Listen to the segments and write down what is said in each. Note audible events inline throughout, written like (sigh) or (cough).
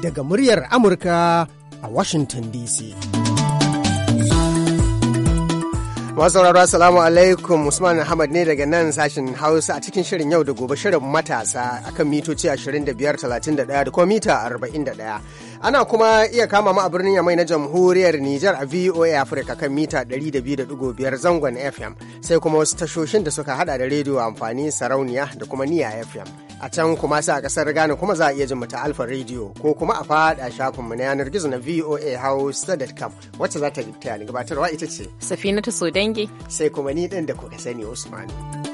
Daga muryar Amurka a Washington DC. masauraro assalamu alaikum usman ahmad ne daga nan sashen hausa a cikin shirin yau da gobe shirin matasa akan mitoci 25 31 da kuma mita 41 ana kuma iya kama ma a birnin yamai na jamhuriyar Nijar a VOA Africa kan mita 200.5 zangon FM sai kuma wasu tashoshin da suka hada da rediyo amfani sarauniya da kuma niya FM. a can kuma sa a kasar Ghana kuma za a iya jin mata Alfa Radio ko kuma a fada shafinmu na yanar gizo na VOA voahausa.com wacce za ta gabatarwa ita ce so Sodange sai kuma ni ɗin da kuka sani Usman.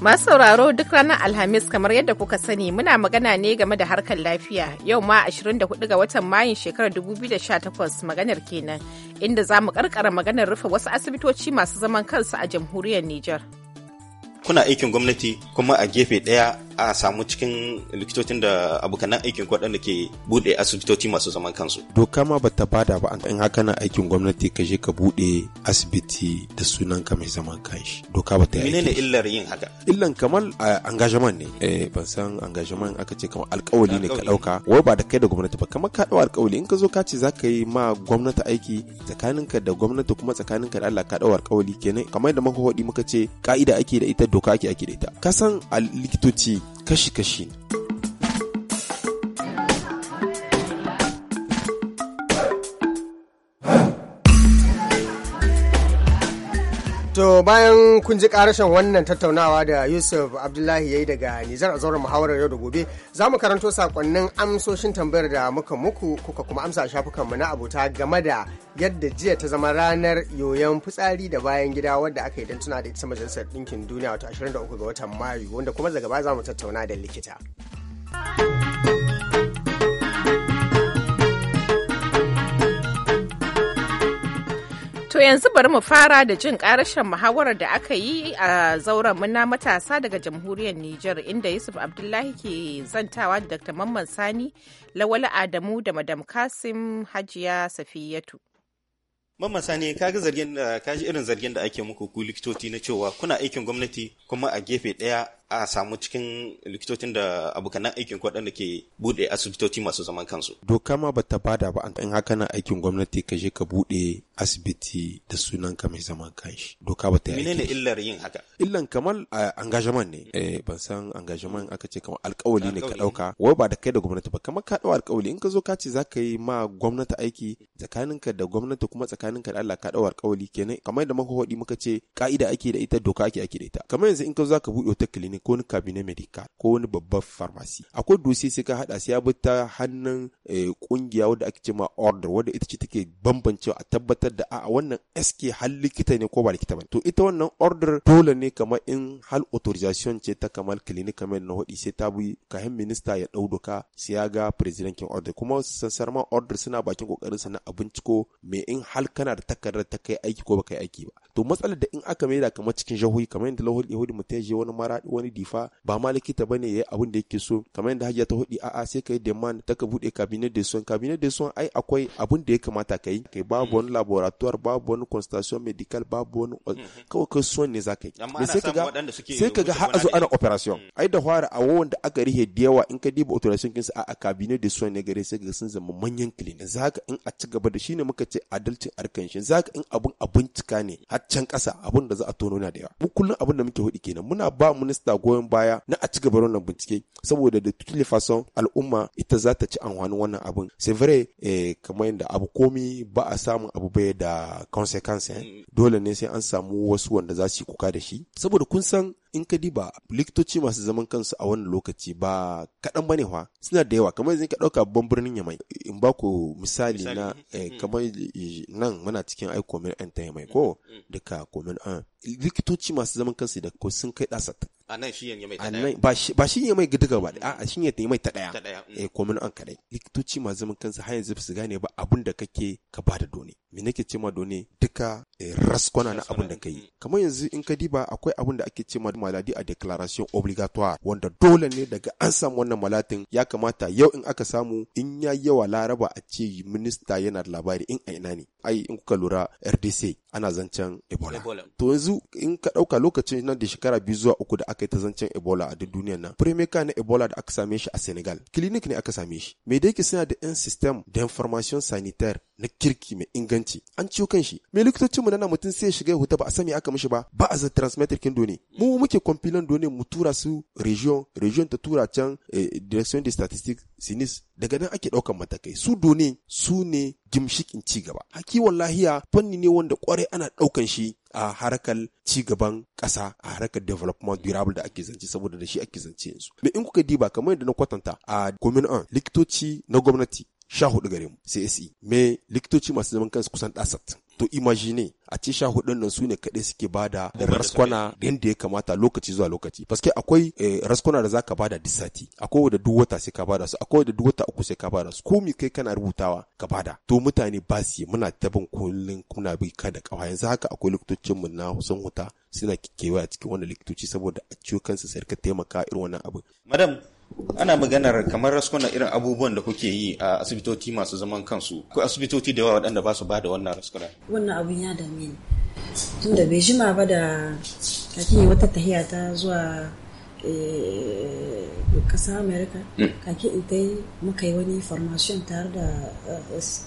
Masu sauraro duk ranar Alhamis kamar yadda kuka sani muna magana ne game da harkar lafiya yau ma 24 ga watan Mayun shekarar 2018 maganar kenan inda za mu karkara maganar rufe wasu asibitoci masu zaman kansu a jamhuriyar Nijar. kuna aikin gwamnati kuma a gefe ɗaya a samu cikin likitocin da abokanan aikin waɗanda ke buɗe asibitoci masu zaman kansu. Doka ma bata bada ba in haka na aikin gwamnati ka je ka buɗe asibiti da sunan ka mai zaman kanshi. Doka bata yi aiki. Menene illar yin haka? Illan kamar engagement ne. Eh ban san engagement aka ce kamar alƙawali ne ka ɗauka. Wai ba da kai da gwamnati ba kamar ka ɗau alƙawali in ka zo ka ce za ka yi ma gwamnati aiki tsakaninka da gwamnati kuma tsakaninka da Allah ka ɗau alƙawali kenan kamar yadda muka faɗi muka ce ka'ida ake da ita doka ake ake da ita kasan a likitoci kashi-kashi To bayan kun ji karashen wannan tattaunawa da Yusuf Abdullahi ya yi daga Nijar a zauren muhawarar yau da gobe, za mu karanto sakonnin amsoshin tambayar da muka muku kuka kuma amsa shafukanmu na abota game da yadda jiya ta zama ranar yoyon fitsari da bayan gida wadda aka yi don tuna da ita majalisar ɗinkin duniya wato 23 ga watan Mayu wanda kuma daga baya za mu tattauna da likita. To yanzu bari mu fara da jin karashen muhawarar da aka yi a zauren muna matasa daga jamhuriyar Nijar inda Yusuf Abdullahi ke zantawa da Dr. Mamman Sani, Lawal Adamu da Madam Kasim Hajiya Safiyatu. Mamman Sani, ka ga zargin da ka ji irin zargin da ake muku ku likitoci na cewa kuna aikin gwamnati kuma a gefe ɗaya a samu cikin likitocin da abokan aikin waɗanda ke buɗe asibitoci masu zaman kansu. Doka ma bata bada ba an haka na aikin gwamnati ka je ka buɗe asibiti da sunan ka mai zaman kanshi. Doka bata yi. Menene illar yin haka? Illan kamar engagement ne. Mm. Eh ban san engagement aka ce kamar alƙawali ne ka ɗauka. Wai ba da kai da gwamnati ba kamar ka ɗau alƙawali in ka zo ka ce za ka yi ma gwamnati aiki ka da gwamnati kuma ka da Allah ka ɗau alƙawali kenan kamar da muka faɗi muka ce ka'ida ake da ita doka ake ake da ita. Kamar yanzu in ka zo za ka buɗe wata clinic ko wani kabinet medical ko wani babban pharmacy akwai dosi sai ka hada sai ya bi ta hannun kungiya eh, wadda ake cewa order wanda ita ce take bambancewa a tabbatar da a wannan SK hal likita ne ko ba likita ba to ita wannan order dole ne kamar in hal authorization ce ta kamar clinic kamar na hudi sai ta bi kahin minister ya dau doka sai ya ga president kin order kuma sansarman order suna bakin kokarin sa na a binciko me in hal kana da takardar ta kai aiki ko baka yi aiki ba to matsalar da in aka maida kamar cikin jahohi kamar yadda lahul yahudi mutum ya je wani mara wani difa ba ma likita bane yi abin da yake so kamar yadda hajiya ta hudi a sai ka yi demand ta ka bude cabinet de son cabinet de son ai akwai abin da ya kamata ka yi kai babu wani laboratoire babu wani consultation medical babu wani mhm. kawai kai son ne za ka yi amma ana samun waɗanda suke sai ka ga har azu ana operation mm. ai da fara a wanda aka rihe da yawa in ka diba operation kinsa a cabinet de son ne gare sai ka sun zama manyan clinic zaka in a ci gaba da shine muka ce adalcin arkan shi zaka in abun abincika ne har can ƙasa abun da za a tono da yawa mun kullum abun da muke hudi kenan muna ba minista goyon baya na a ci gaba wannan bincike saboda da tutule fason al'umma ita za ta ci amfanin wannan abun c'est vrai eh, kamar yadda abu komi ba a samun abu bai da consequence eh. dole ne sai an samu wasu wanda za su yi kuka da shi saboda kun san in ka diba likitoci masu zaman kansu a wannan lokaci ba kaɗan bane fa suna da yawa kamar yanzu ka ɗauka babban birnin yamai in ba ku misali na hmm. eh, kamar nan muna cikin ai komin an ta yamai ko hmm, hmm. duka komin likitoci masu zaman kansu da sun kai ɗasat a nan shi ne mai ta daya ba shi ne mai ba a shi ne mai ta daya mm. eh komin an kadai likitoci ma zaman kansu har yanzu su gane ba abun da kake ka bada doni me nake cewa doni duka eh, raskwana na abun da kai mm. kamar yanzu in ka diba akwai abun da ake cewa maladi a declaration obligatoire wanda dole ne daga an samu wannan malatin ya kamata yau in aka samu in ya yawa laraba a ce minista yana da labari in a ina ne ai in kuka lura RDC ana zancen Ebola to yanzu in ka dauka lokacin nan da shekara biyu zuwa uku da aka kai ta zancen Ebola a duk duniyar nan. Premier na Ebola da aka same shi a Senegal, clinic ne aka same shi. Me da yake suna da yan system da information sanitaire na kirki mai inganci. An ciwo kan shi. Me likitocin mu na mutum sai ya shiga ya huta ba a sani aka mishi ba, ba a za transmitter kin doni. Mu muke compilan doni mu tura su region, region ta tura can eh, direction de statistique sinis daga nan ake ɗaukan matakai su doni su ne gimshikin ci gaba. Hakiwon lahiya fanni ne wanda kwarai ana ɗaukan shi a harkar ci gaban ƙasa a harkar development durable da ake zance saboda da shi ake zance yanzu. Me in kuka diba kamar yadda na kwatanta a gomin an likitoci na gwamnati sha hudu garin CSE me likitoci masu zaman kansu kusan ɗasat to imagine a ce sha hudun nan su ne kaɗai suke bada raskwana yadda ya kamata lokaci zuwa lokaci paske akwai eh, raskwana da zaka bada duk sati akwai wadda duk wata sai ka bada su akwai wadda duk wata uku sai ka bada su komi kai kana rubutawa ka bada to mutane ba su muna tabin kullun kuna bi ka da kawai yanzu haka akwai likitocin mu na sun huta suna kewaya a cikin wani likitoci saboda a ciwo kansu sai ka taimaka irin wannan abu madam ana maganar kamar raskuna irin abubuwan da kuke yi a asibitoci masu zaman kansu ko asibitoci da yawa waɗanda ba su ba da wannan raskuna wannan abun ya dame ni tun da bai jima ba da kaki wata tahiya ta zuwa eh, ƙasar america hmm. kaki ita muka yi wani formation tare da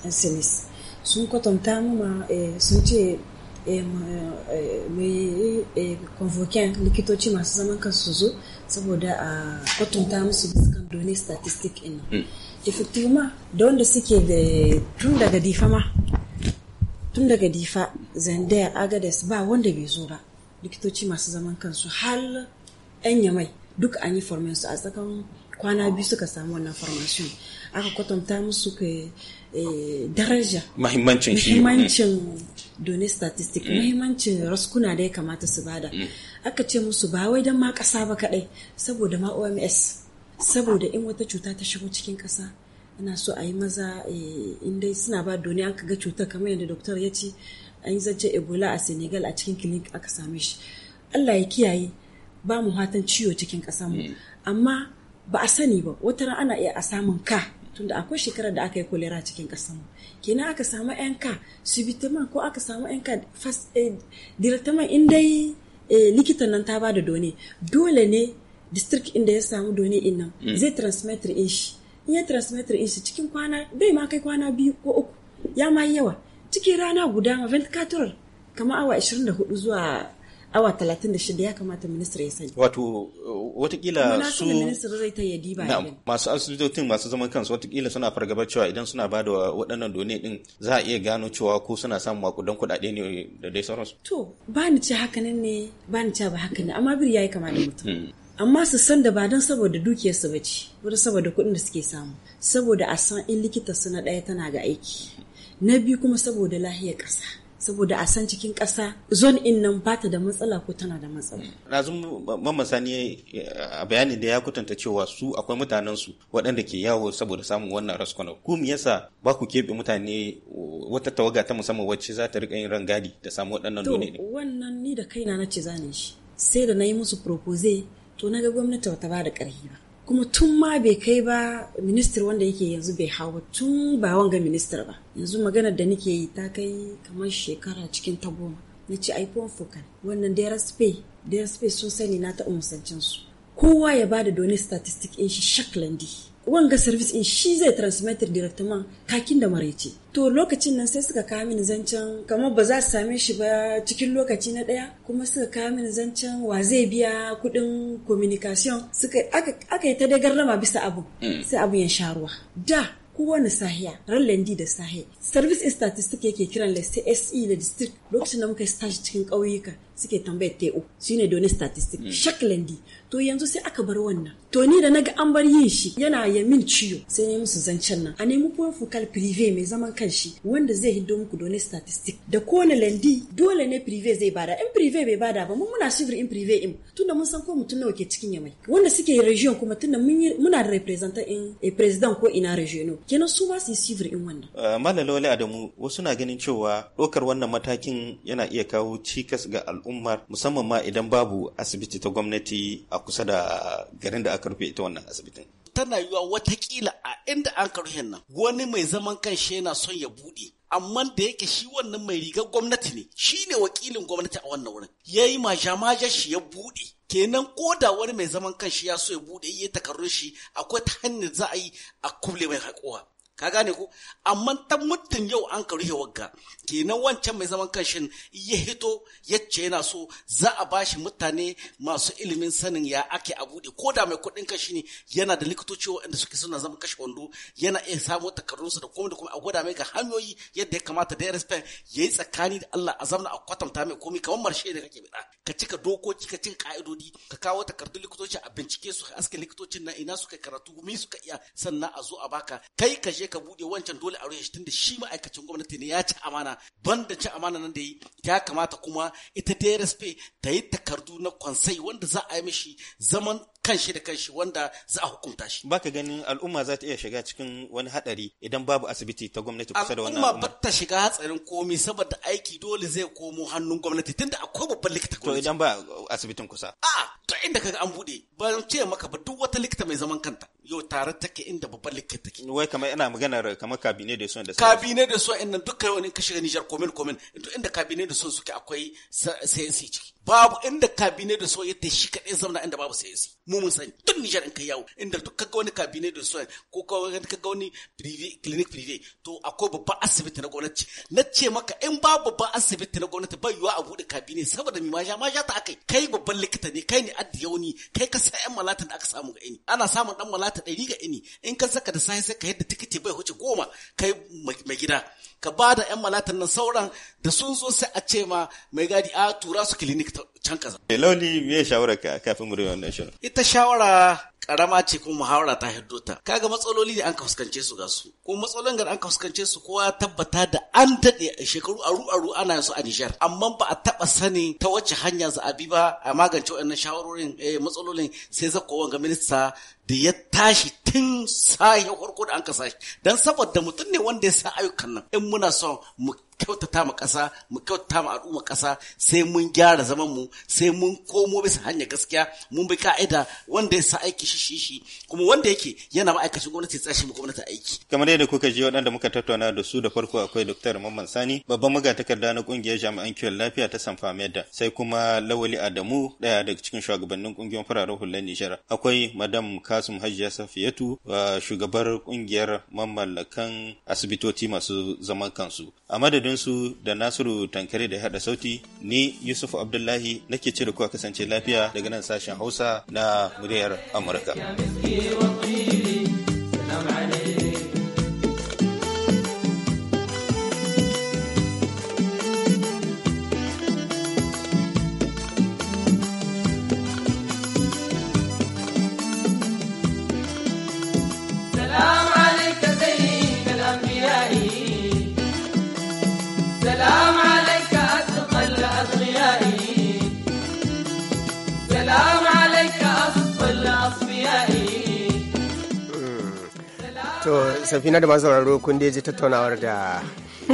sms eh, sun kwatanta mu eh, sun ce convokin likitoci masu zaman kansu zo saboda a kwatanta musu biskan doni statistik in nan hmm. effectivement da wanda suke da tun daga difa ma tun daga difa zandayar agades ba wanda bai zo ba likitoci masu zaman kansu hal yan yamai duk an yi su a tsakan kwana biyu suka samu wannan formation aka kwatanta musu ke eh, daraja mahimmancin donin statistik mm. muhimmancin raskuna da ya kamata su bada mm. aka ce musu ba wai don ma kasa ba kadai. saboda ma oms saboda in wata cuta ta shigo cikin kasa ana so a yi maza eh, in dai suna ba doni an ga cutar kamar yadda doktor ya ce an yi zance ebola a senegal a cikin clinic aka same shi allah ya kiyaye ba mu hatan ciwo cikin kasa mu mm. amma ba a sani ba wata ana iya a samun ka tunda akwai shekarar da aka yi kolera cikin ƙasar mu kenan aka samu yanka subitaman ko aka samu yanka first eh, aid in dai eh, likitan nan ta bada doni dole ne district inda ya samu doni in nan mm. zai transmitter in shi in ya transmitter in shi cikin kwana bai ma kai kwana biyu ko uku ya ma yawa cikin rana guda ma 24 kamar awa 24 zuwa awa 36 ya kamata ministra ya sani wato watakila su ministra zai ta yadi ba masu asibitocin masu zaman kansu watakila suna fargabar cewa idan suna ba da waɗannan doni din za a iya gano cewa ko suna samun makudan kuɗaɗe ne da dai sauransu to ba ni ce haka nan ne ba ni ce ba haka ne amma bir yi kama da hmm. mutum amma su san da ba don saboda dukiyarsu ba ce wani saboda kuɗin da suke samu saboda a san in likita suna ɗaya tana ga aiki na biyu kuma saboda lahiyar ƙasa saboda a san cikin ƙasa Zon in nan ba ta da matsala ko tana da matsala. Razum mamman sani a bayanin da ya kwatanta cewa su akwai mutanen su waɗanda ke yawo saboda samun wannan raskwana. Ku me yasa ba ku keɓe mutane wata tawaga ta musamman wacce za ta riƙa yin rangadi da samu waɗannan dole ne. Wannan ni da kaina na ce zane shi sai da na yi musu propose to na ga gwamnati ba ta ba da ƙarfi ba. kuma tun ma bai kai ba ministar wanda yake yanzu bai hawa tun ba wanga ministar ba yanzu magana da nake yi ta kai kamar shekara cikin ta goma na ce iphone fokan wannan drspay drspay sun sani na ta umusancin su kowa ya ba da doni statistic in shi shaklandi wanga service in shi zai transmitter directement kakin da maraice to lokacin nan sai suka kawo mini zancen kamar ba za su same shi ba cikin lokaci na daya kuma suka kawo mini zancen wa zai biya kudin communication suka aka yi ta dai garrama bisa abu hmm. sai abu ya sha ruwa da kowane sahiya ran lendi da sahiya service in statistics yake kiran sai se da district lokacin da muka yi stage cikin ƙauyuka suke tambayar TO shine doni statistic hmm. shaklandi to yanzu sai aka bar wannan to ni da naga an bar yin shi yana ya min ciwo sai ne musu zancen nan a nemi kuma fukal prive mai zaman kanshi wanda zai hiddo muku doni statistic da kowane landi dole ne prive zai bada in prive bai bada ba mun muna shifir in prive in tunda mun san ko mutum nawa ke cikin yamai wanda suke region kuma tunda muna da representant in a eh, president ko ina regional kenan su ba su yi shifir in wannan eh, malalole adamu wasu na ganin cewa ɗaukar wannan matakin yana iya kawo cikas ga al'umma al'ummar musamman ma idan babu asibiti ta gwamnati a kusa da garin da aka rufe ita wannan asibitin. Tana yiwuwa watakila a inda an karhen nan wani mai zaman kanshi yana son ya buɗe amma da yake shi wannan mai rigar gwamnati ne shi ne wakilin gwamnati a wannan wurin ya yi majamajar shi ya buɗe kenan ko da wani mai zaman kan shi ya so ya buɗe ya yi takarrun shi akwai ta hanyar za a yi a kuble mai haƙowa ka gane ko amma ta mutum yau an ka rufe wagga kenan wancan mai zaman kanshin ya hito ya ce yana so za a bashi mutane masu ilimin sanin ya ake a bude ko da mai kuɗin kanshi ne yana da likitoci waɗanda suke suna zaman kashe wando yana iya samo takardunsu da komai da komai a gwada mai ga hanyoyi yadda ya kamata da ya yayi tsakani da Allah a zamna a kwatanta mai komai kamar marshe da kake bida ka cika dokoki ka cika ka'idodi ka kawo takardun likitoci a bincike su aske likitocin na ina suka karatu mi suka iya sannan a zo a baka kai ka je ka buɗe wancan dole a rushe tunda shi ma'aikacin gwamnati ne ya ci amana banda ci amana nan da yi ya kamata kuma ita DRSP ta yi takardu na kwansai wanda za a yi mishi zaman kanshi da kanshi wanda za a hukunta shi. Baka ganin al'umma za ta iya shiga cikin wani hadari idan babu asibiti ta gwamnati kusa da wannan al'umma. Al'umma ba ta shiga hatsarin komi saboda aiki dole zai komo hannun gwamnati tunda akwai babban likita gwamnati. To idan ba asibitin kusa. A'a to inda kaga an buɗe ban ce maka ba duk wata likita mai zaman kanta yau tare take inda babban likita take wai kamar ina magana kamar kabine da son da kabine da son inda duka yau ka shiga Niger komin komin inda kabine da son suke akwai sayansi ciki babu inda kabine da son yadda shi kadai zauna inda babu sayansi mu mun sani duk nijar in ka yawo inda duk kaga wani kabine da son ko kaga wani prive clinic prive to akwai babban asibiti na gwamnati na ce maka in ba babban asibiti na gwamnati ba yiwuwa a bude kabine saboda mi maja maja ta akai kai babban likita ne kai ne addiyauni kai ka sa yan malatan da aka samu ga ini ana samun ɗan malatan ta ɗari ga ini in ka saka da sai sai ka yadda tikiti bai huce goma kai mai gida ka ba da yan malatan nan sauran da sun zo sai a ce ma mai gadi a tura su clinic can kaza. Eh, Lauli me shawara ka kafin mu wannan shirin? Ita shawara karama ce ko muhawara ta haddo ta kaga matsaloli da an ka fuskance su ga su ko matsalolin da an ka fuskance su kowa tabbata da an daɗe shekaru aru aru ana su a Nijar amma ba a taba sani ta wacce hanya za a bi ba a magance wannan shawarorin eh, matsalolin sai zakowa ga minista da ya tashi tun ya farko da an kasa shi don saboda mutum ne wanda ya sa ayyukan nan in muna son mu kyautata ma kasa mu kyautata ma al'umma kasa sai mun gyara zaman mu sai mun komo bisa hanyar gaskiya mun bi ka'ida wanda ya sa aiki shi shi kuma wanda yake yana ma'aikacin gwamnati ya tsashi mu gwamnati aiki kamar yadda kuka ji waɗanda muka tattauna da su da farko akwai Dr. Mamman Sani babban magatakarda na ƙungiyar jami'an kiwon lafiya ta san Medda sai kuma Lawali Adamu ɗaya daga cikin shugabannin ƙungiyar fararen hular Nijar akwai Madam Kasum Hajiya Safiyatu Saratu shugabar kungiyar mamallakan asibitoci masu zaman kansu. A madadin da Nasiru Tankare da hada sauti ni Yusuf Abdullahi nake cire kuwa kasance lafiya daga nan sashen Hausa na muryar Amurka. safina da masu sauraro kun ji tattaunawar da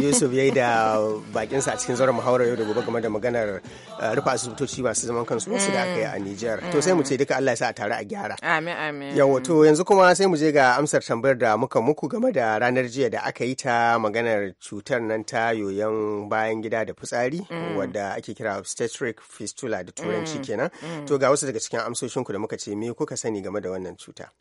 yusuf ya yi da bakinsa a cikin zauren muhawarar yau da gobe game da maganar eh, rufe asibitoci masu zaman kansu wasu da aka yi a nijar to sai mu ce duka allah ya sa a tare a gyara amin to yanzu kuma sai mu je ga amsar tambayar da muka muku game da ranar jiya da aka yi ta maganar cutar nan ta yoyon bayan gida da fitsari mm. wadda ake kira obstetric fistula da turanci mm. kenan mm. to ga wasu daga cikin amsoshinku da muka ce me kuka sani game da wannan cuta.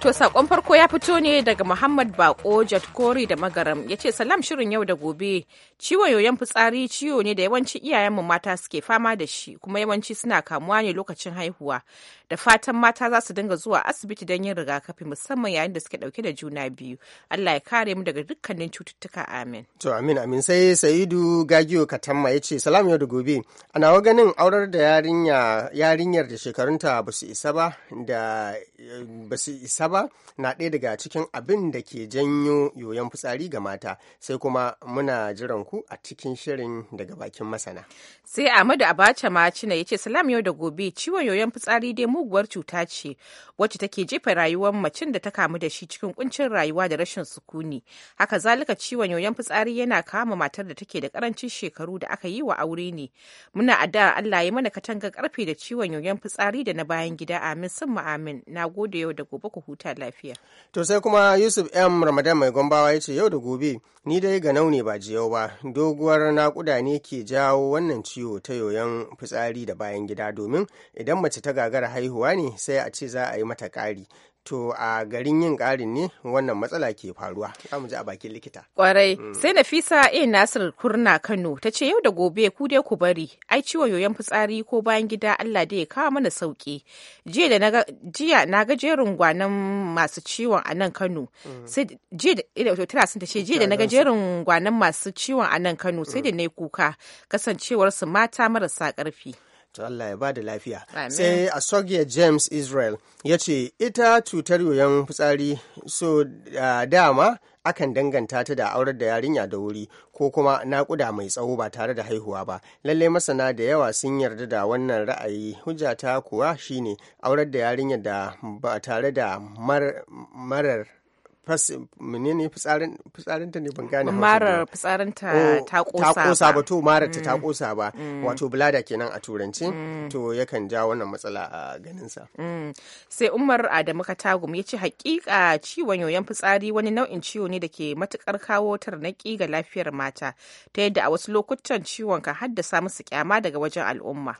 To sakon farko ya fito ne daga Muhammad Bako Jatkori da Magaram ya ce salam shirin yau da gobe ciwon yoyon fitsari ciwo ne da yawanci iyayenmu mata suke fama da shi kuma yawanci suna kamuwa ne lokacin haihuwa da fatan mata za su dinga zuwa asibiti don yin rigakafi musamman yayin da suke dauke da juna biyu Allah ya kare mu daga dukkanin cututtuka amin. To amin amin sai Sa'idu Gagiyo Katamma ya ce salam yau da gobe a nawa ganin aurar da yarinyar da shekarunta ba su isa ba da ba su isa ba na ɗaya daga cikin abin da ke janyo yoyon fitsari ga mata sai kuma muna jiran ku a cikin shirin daga bakin masana. Sai Ahmadu Abacha cina ya ce salam yau da gobe ciwon yoyon fitsari dai muguwar cuta ce wacce take jefa rayuwar macin da ta kamu da shi cikin kuncin rayuwa da rashin sukuni. Haka zalika ciwon yoyon fitsari yana kama matar da take da karancin shekaru da aka yi wa aure ne. Muna addu'a Allah ya mana katanga karfe da ciwon yoyon fitsari da na bayan gida amin sun amin. Na gode yau da gobe ku hutu. huta lafiya. To sai kuma Yusuf M. Ramadan mai gombawa ya ce yau da gobe ni dai ga nauni ba jiyau ba doguwar nakuda ne ke jawo wannan ciwo ta yoyon fitsari da bayan gida domin idan mace ta gagara haihuwa ne sai a ce za a yi mata ƙari To a garin yin ƙarin ne wannan matsala ke faruwa, za mu ji a bakin likita. Kwarai, mm. sai Nafisa A. Nasir Kurna Kano ta ce yau da gobe ku dai ku bari, ai ciwo yoyon fitsari ko bayan gida Allah da ya kawo mana sauki. Jiya na ga gwanan masu ciwon a nan Kano. Mm. da na ga jerin gwanan masu ciwon a nan Kano sai mm. da na yi kuka Kasancewarsu mata marasa ƙarfi. to Allah ya ba da lafiya sai a Asogia James Israel ya ce ita cutar yoyon fitsari so uh, dama akan danganta ta da aurar da yarinya da wuri ko kuma naƙuda mai tsawo ba tare da haihuwa ba lalle masana da yawa sun yarda da wannan ra'ayi hujjata kuwa shine aurar da yarinya da ba tare da marar menene fitsarin fitsarinta ne ban gane marar fitsarinta oh, ta kosa ta kosa ba to marar ta ta mm. kosa ba mm. wato bilada kenan a turanci mm. to yakan ja wannan matsala a ganin sa sai Umar Adamu Katagum ya ce hakika ciwon yoyon fitsari wani nau'in ciwo ne da ke matukar kawo tarnaki ga lafiyar mata ta yadda a wasu lokutan ciwon ka haddasa musu kyama daga wajen al'umma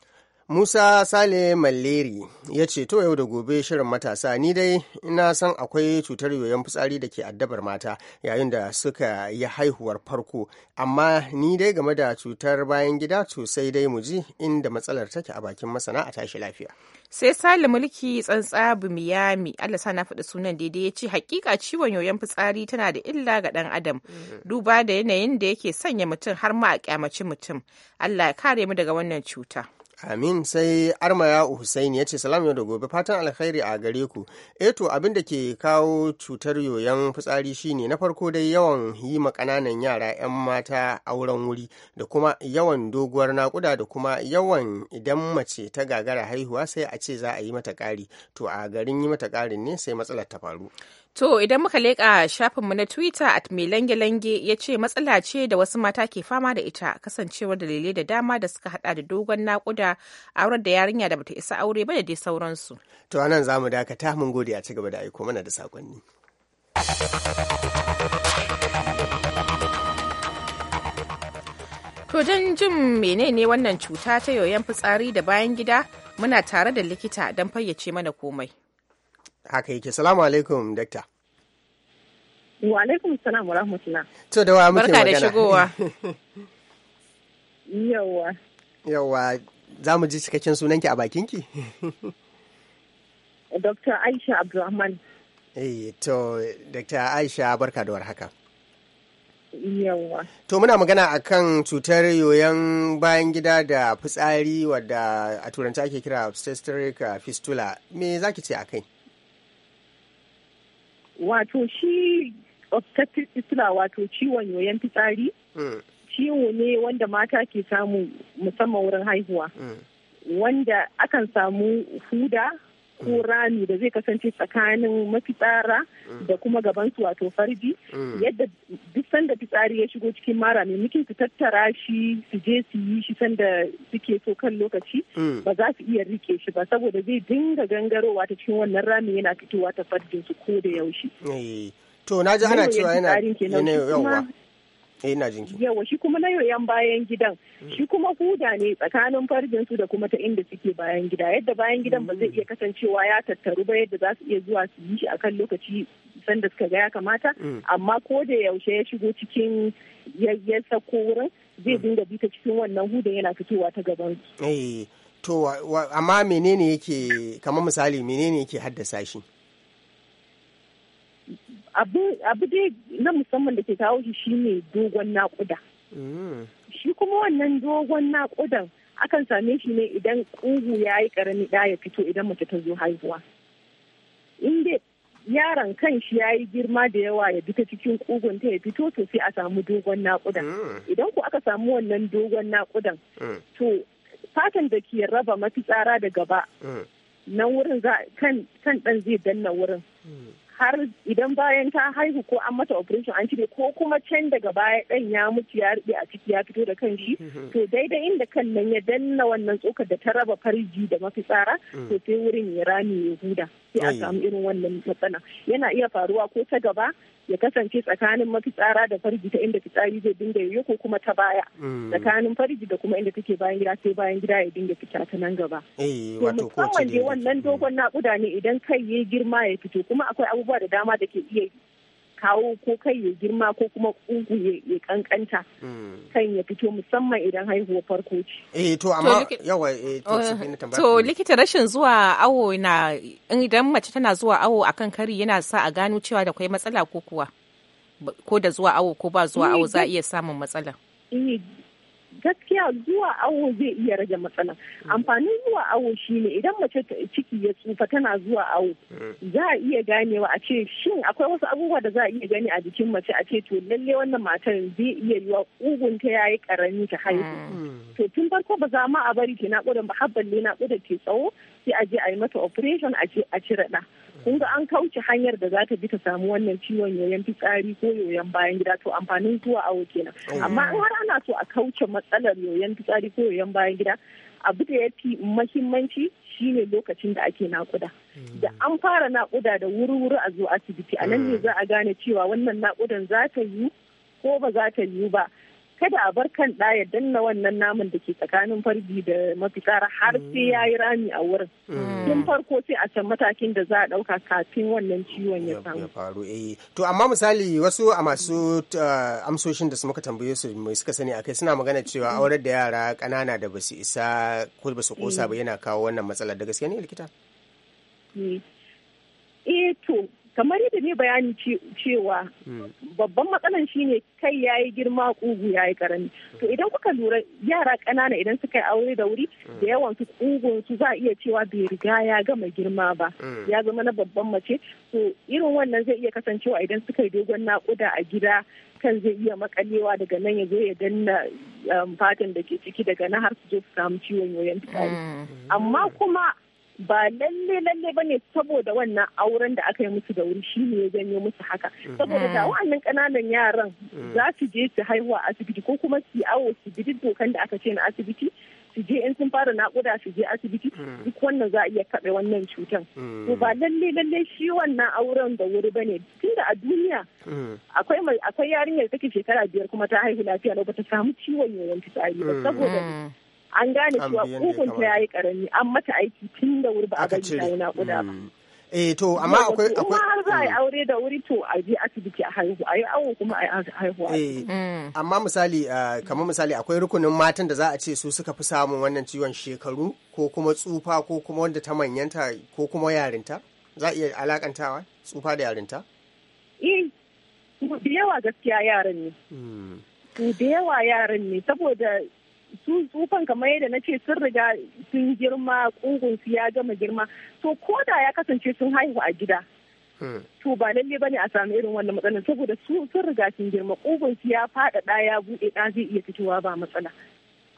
Musa Sale maleri ya ce to yau da gobe shirin matasa ni dai ina san akwai cutar yoyon fitsari da ke addabar mata yayin da suka yi haihuwar farko amma ni dai game da cutar bayan gida to sai dai mu ji inda matsalar take a bakin masana a tashi lafiya. Sai Sale Mulki Tsantsa miami Allah sa na faɗi sunan daidai ya ce hakika ciwon yoyon fitsari tana da illa ga ɗan adam mm. duba da yanayin da yake sanya mutum har ma a kyamaci mutum Allah ya kare mu daga wannan cuta. Amin sai Armaya Hussaini ya ce salam yau da gobe fatan alkhairi a gare ku. Eto eh abin da ke kawo cutar yoyon fitsari shine na farko dai yawan yi ma ƙananan yara 'yan mata auren wuri da kuma yawan doguwar nakuda da kuma yawan idan mace ta gagara haihuwa sai a ce za a yi mata ƙari. To a garin yi mata ƙarin ne sai matsalar ta faru. To idan muka leƙa shafinmu na Twitter at mai lange-lange ya ce matsala ce da wasu mata ke fama da ita kasancewar dalilai da dama da suka hada da dogon nakuda aurar da yarinya da bata isa aure ba da dai sauransu. To anan za mu dakata mun gode a ci gaba da aiko mana da sakonni. To don jin menene wannan cuta ta yoyon fitsari da bayan gida muna tare da likita don fayyace mana komai. haka yake salamu alaikum dakta wa alaikum salam wa rahmatullah to da wa muke magana barka da shigowa (laughs) yawa yawa za mu ji cikakken sunanki a bakinki (laughs) Dr. Aisha Abdulrahman. Eh, to, Dr. Aisha barka da warhaka. Yawwa. To, muna magana a kan cutar yoyon bayan gida da fitsari wadda a turanta ake kira obstetric fistula. Me za ki ce a kai? wato shi obstetric fistula wato ciwon yoyon fitsari ciwo ne wanda mata ke samu musamman wurin haihuwa mm. wanda akan samu huda ko rami da zai kasance tsakanin mafitsara mm. da kuma gabansu wato farji mm. yadda duk sanda fitsari ya shigo cikin mara mukin su tattara shi su je su yi shi sanda suke so kan lokaci mm. ba za su iya rike shi ba saboda zai dinga gangarowa ta cikin wannan rami yana fitowa ta farjin su ko da yaushe to na ji ana cewa yana yana yawa eh ina jinki yawa shi kuma na yoyon bayan gidan mm. shi kuma huda ne tsakanin farjin su da kuma ta inda suke bayan gida yadda bayan gidan ba zai mm. iya kasancewa ya tattaru ba yadda za su iya zuwa su yi shi a kan lokaci sanda suka ga ya kamata mm. amma ko da yaushe ya shigo cikin ya sako wurin zai dinga bi ta cikin wannan hudan yana fitowa ta gaban su eh, to amma menene yake kamar misali menene yake haddasa shi abu dai na musamman da ke kawo shi shine dogon naƙuda mm. shi kuma wannan dogon naƙudan akan same shi ne idan ƙugu ya yi ƙarami ɗa ya fito idan mace ta zo haihuwa in dai yaron kan shi ya yi girma da yawa ya bi ta cikin ƙugun ta ya fito to sai a samu dogon naƙudan mm. idan ku aka samu wannan dogon naƙudan mm. to fatan da ke raba mafitsara da gaba nan wurin kan ɗan zai danna wurin har idan bayan ta haihu ko an mata operation an cire ko kuma can daga baya dan ya mutu ya rube a ciki ya fito da kan shi mm-hmm. to daidai inda kan nan ya danna wannan tsokar da ta raba farji da mafitsara mm. to sai wurin ya rami ya huda sai a samu irin wannan matsala yana iya faruwa ko ta gaba ya kasance tsakanin mafitsara da farji ta inda fitsari zai dinga yiwu ko kuma ta baya mm. tsakanin farji da kuma inda take bayan gida sai bayan gida ya dinga fita ta nan gaba eh, wato ko wannan dogon nakuda ne idan kai yayi girma ya fito kuma akwai abubuwa da dama da ke iya kawo ko kai ya girma ko kuma kugu ya kankanta hmm. kan ya fito musamman idan haihuwa farko ce. Eh to amma yawa eh, To oh, hmm. likita rashin zuwa awo na idan mace tana zuwa awo akan kari yana sa a gano cewa da kwai matsala ko kuwa ko da zuwa awo ko ba zuwa eh, awo za a iya samun matsala. Eh, gaskiya zuwa awo zai iya rage matsala amfanin zuwa awo shine idan mace ciki ya tsufa tana zuwa awo za a iya ganewa a ce shin akwai wasu abubuwa da za a iya gani a jikin mace a ce to lalle wannan matar zai iya yiwa kugun ta yayi karami ta haihu mm. to tun farko ba za ma a bari ki na ba har balle naƙuda ke tsawo sai a je a yi mata operation a cire ɗa kun ga an kauce hanyar da za ta bi ta samu wannan ciwon yoyon fitsari ko yoyon bayan gida to amfanin zuwa awo kenan oh. amma in har ana so a kauce matsalar yoyon fitsari ko yoyon bayan gida abu da ya fi mahimmanci shine lokacin da ake nakuda da hmm. an fara nakuda da wuri-wuri a zo asibiti a nan ne hmm. za a gane cewa wannan nakudan za ta yi ko ba za ta yi ba kada a bar kan ɗa ya danna wannan naman da ke tsakanin farji da mafitsara har mm. sai ya yi rami a wurin mm. tun farko sai a can matakin da za a ɗauka kafin wannan ciwon ya samu eh. to amma misali wasu a masu eh, amsoshin da su muka tambaye su mai suka sani akai suna magana cewa mm. aurar da yara ƙanana da basu isa ko basu kosa ba yana kawo wannan matsalar da gaske ne likita eh to kamar yadda ne bayani cewa hmm. babban matsalan shine kai ya yi girma kugu yi karami to idan kuka lura yara ƙanana idan suka yi aure da wuri hmm. da yawan su kugun su za a iya cewa bai riga ya gama girma ba hmm. ya zama na babban mace to irin wannan zai iya kasancewa idan suka yi dogon naƙuda a gida kan zai iya makalewa daga nan ya zo ya danna um, fatan da ke ciki daga nan har su zo su samu ciwon yoyon amma kuma ba lalle lalle bane saboda wannan auren da aka yi musu da wuri shi ne ya janyo musu haka mm. saboda da wa'annan kananan yaran mm. za su je su haihuwa asibiti ko kuma su awo su bi dokan da aka ce na asibiti su je in sun fara nakuda su je asibiti mm. duk wannan za a iya kaɓe wannan cutan to ba lalle lalle shi wannan auren da wuri bane tunda a duniya akwai akwai yarinyar take shekara biyar kuma ta haihu lafiya lau ta samu ciwon yawan fitsari ba saboda an gane cewa kukunta ya yi karami an mata aiki tun da wuri ba a bari ta yana kuda ba. Mm. Eh to amma akwai akwai har za a yi mm. aure da wuri to a je asibiti a haihu a yi awo kuma a haihuwa. Eh mm. amma misali ah, kamar misali akwai rukunin matan da za a ce su suka fi samun wannan ciwon shekaru ko kuma tsufa ko kuma wanda ta manyanta ko kuma yarinta za a iya alakantawa tsufa da yarinta? Eh da yawa gaskiya yaran ne. Da yawa yaran ne saboda su tsufan kamar yadda na ce sun riga sun girma su ya gama girma to ko da ya kasance sun haihu a gida hmm. to ba lalle bane a samu irin wannan matsalar saboda su sun riga sun girma su ya da ya bude ɗa zai iya fitowa ba matsala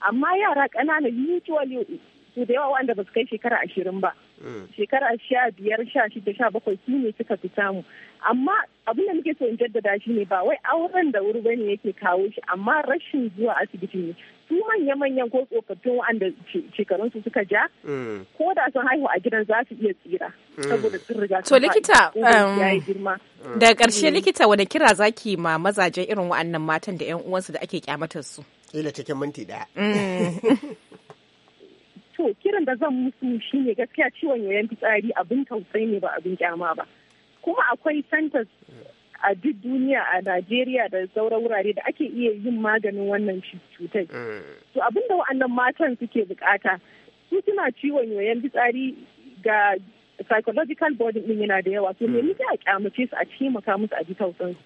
amma yara ƙanana usually su da yawa wanda ba su kai shekara ashirin ba Mm. shekara sha biyar sha shida sha bakwai su ne suka fi samu amma abin da muke so jaddada shi ne ba wai auren da wuri bane yake kawo shi amma rashin zuwa asibiti ne su manya manyan ko tsofaffin wanda shekarun su suka ja mm. ko da sun haihu a gidan za su iya tsira mm. saboda sun riga to likita um, da karshe likita wani kira zaki ma mazajen irin wa'annan matan da yan uwansu da ake kyamatar su ila cikin minti daya (laughs) to kiran da zan musu shi ne gaskiya ciwon yoyon fitsari abin tausayi ne ba abin kyama ba kuma akwai centers a duk duniya a Najeriya da sauran wurare da ake iya yin maganin wannan cutar. To abin da wa'annan matan suke bukata su suna ciwon yoyon fitsari ga psychological body din yana da yawa to hmm. me muke a kyamace su a taimaka musu a ji tausan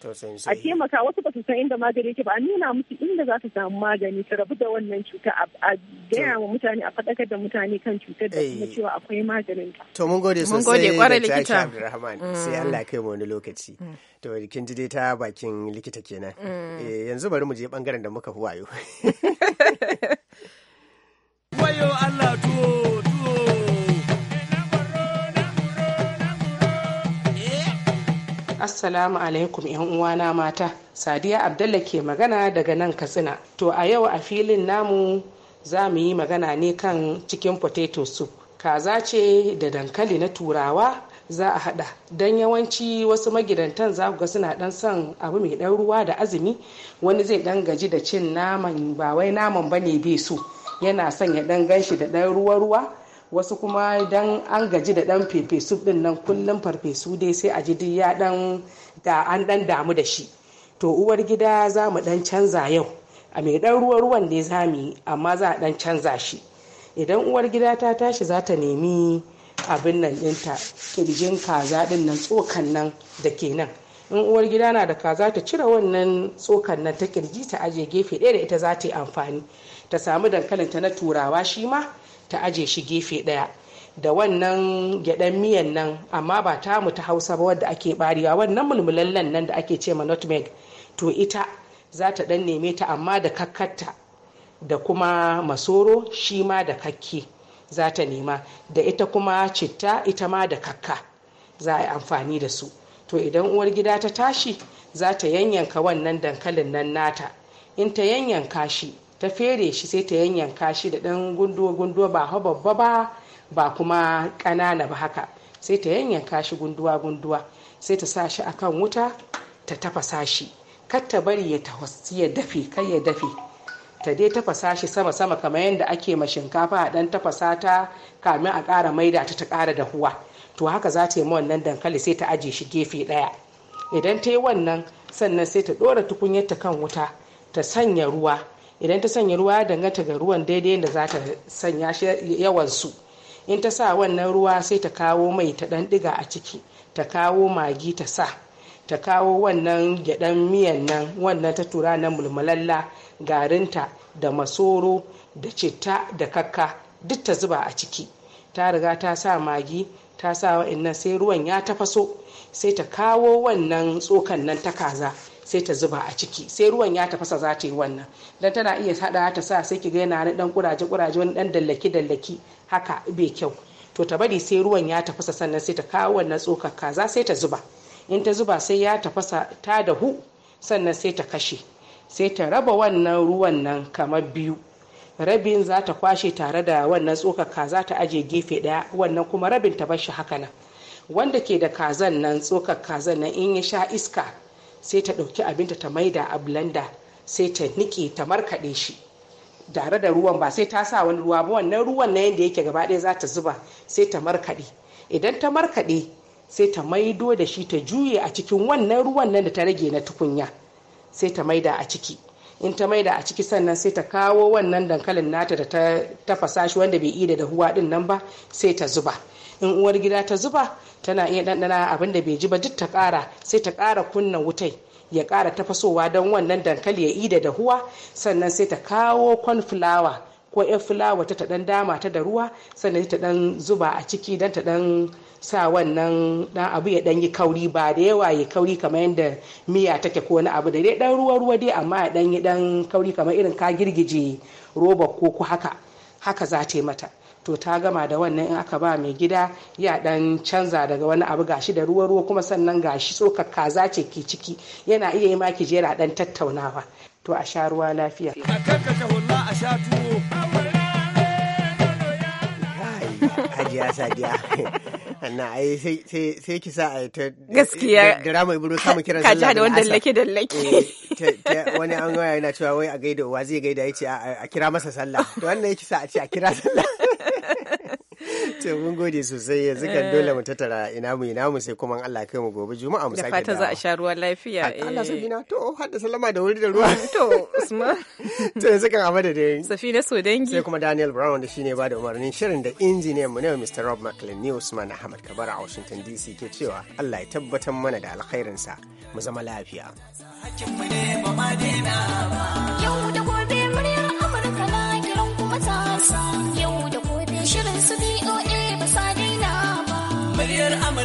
a taimaka wasu ba su san inda magani yake ba a nuna musu inda za su samu magani su rabu da wannan cuta a gaya wa mutane a faɗakar da mutane kan cutar da kuma eh. cewa akwai maganin to mun gode sosai da likita Abdulrahman hmm. sai Allah kai mu wani lokaci hmm. to kin ji dai ta bakin likita kenan eh, yanzu bari mu je bangaren da muka fi wayo (laughs) assalamu alaikum yan uwana mata sadiya abdalla ke magana daga nan katsina to a yau a filin namu za mu yi magana ne kan cikin potato soup kaza ce da dankali na turawa za a hada don yawanci wasu magidantan za ga suna dan son abu mai dan ruwa da azumi wani zai dan gaji da cin naman ba wai naman bane bai so yana son ya dan ganshi da dan ruwa ruwa wasu kuma idan an gaji da dan farfesu din nan kullum farfesu dai sai a ji duk ya dan da an dan damu da shi to uwar gida za mu dan canza yau a mai dan ruwa ruwan ne za mu amma za a dan canza shi idan uwar gida ta tashi za ta nemi abin nan ɗinta kirjin kaza din nan tsokan nan da ke nan in uwar gida na da kaza ta cire wannan tsokan nan ta kirji ta aje gefe ɗaya da ita za ta yi amfani ta samu dankalin ta na turawa shi ma ta aje shi gefe ɗaya da wannan gyaɗan miyan nan amma ba tamu ta hausa ba wadda ake barewa wannan mulmulallen nan da ake ce ma nutmeg to ita za ta ɗan neme ta amma da kakkarta da kuma masoro shi ma da kakke za ta nema da ita kuma citta ita ma da kakka za a yi amfani da su to idan uwar gida ta tashi za ta yanyanka wannan dankalin nan nata in ta yanyanka shi ta fere shi sai ta yanyanka shi da ɗan gunduwa-gunduwa ba hau babba ba ba kuma ƙanana ba haka sai ta yanyanka shi gunduwa-gunduwa sai ta sa shi kan wuta ta tafasa shi kar ta bari ya ya dafe kai ya dafe ta dai tafasa shi sama-sama kamar yadda ake ma shinkafa a ɗan tafasa ta kamin a ƙara maida ta ta ƙara dahuwa to haka za ta yi wannan dankali sai ta aje shi gefe ɗaya idan ta yi wannan sannan sai ta ɗora tukunyarta kan wuta ta sanya ruwa idan ta sanya ruwa ya danganta ga ruwan daidai da za ta sanya yawan su in ta sa wannan ruwa sai ta kawo mai ta dan diga a ciki ta kawo magi ta sa ta kawo wannan gyadan miyan nan wannan ta tura na mulmulalla garinta da masoro da citta da kakka duk ta zuba a ciki ta riga ta sa magi ta sa wa'annan sai ruwan ya tafaso sai ta kawo wannan tsokan nan ta kaza sai ta zuba a ciki sai ruwan ya tafasa za ta yi wannan dan tana iya hada ta sa sai ki ga yana dan kuraje kuraje wani dan dallaki dallaki haka bai kyau to ta bari sai ruwan ya tafasa sannan sai ta kawo wannan tsokar kaza sai ta zuba in ta zuba sai ya tafasa ta dahu sannan sai ta kashe sai ta raba wannan ruwan nan kamar biyu rabin za ta kwashe tare da wannan tsokar kaza ta aje gefe daya wannan kuma rabin ta bar shi haka nan wanda ke da kazan nan tsokar kazan nan in ya sha iska sai ta ɗauki abinta ta maida a blender sai ta niƙe ta markaɗe shi tare da ruwan ba sai ta sa wani ruwa ba wannan ruwan na yadda yake gaba ɗaya za ta zuba sai ta markaɗe idan ta markaɗe sai ta maido da shi ta juye a cikin wannan ruwan nan da ta rage na tukunya sai ta maida a ciki in ta maida a ciki sannan sai ta kawo wannan dankalin nata da ta tafasa shi wanda bai iya da huwa din nan ba sai ta zuba in uwar gida ta zuba tana iya ɗanɗana abin da bai ji ba duk ta ƙara sai ta ƙara kunna wutai ya ƙara tafasowa don wannan dankali ya ida da huwa sannan sai ta kawo kwan fulawa ko 'yan fulawa ta ɗan dama ta da ruwa sannan ta ɗan zuba a ciki don ta ɗan sa wannan dan abu ya dan yi kauri ba da yawa ya kauri kamar yadda miya take ko wani abu da dai dan ruwa ruwa dai amma ya dan yi dan kauri kamar irin ka girgije roba ko koko haka haka za ta yi mata to ta gama da wannan in aka ba mai gida ya dan canza daga wani abu gashi da ruwa ruwa kuma sannan gashi tsokar kaza ce ke ciki yana iya yi maki jera dan tattaunawa to a sha ruwa lafiya a sha tuwo Sadiya sadiya (laughs) na ai sai ki sa a ta gaskiya drama ibro samu kiran sallah ka da wanda lake da lake eh, wani an waya yana cewa wai a gaida wa zai gaida yace a kira masa sallah to wannan yake sa a ce a kira sallah (laughs) to mun gode sosai yanzu kan dole mu tattara ina mu ina mu sai kuma Allah kai mu gobe juma'a mu sake da fata za a sha ruwa lafiya Allah gina eh. to har da salama da wuri da ruwa (laughs) to usman (laughs) to yanzu kan amada da safina so dangi sai kuma Daniel Brown da shine ba da umarnin shirin da injiniyan mu ne Mr Rob McLean ne Usman Ahmad Kabara a Washington DC ke cewa Allah ya tabbatar mana da alkhairinsa mu zama lafiya Yau da gobe muryar Amurka na kiran kuma ta sa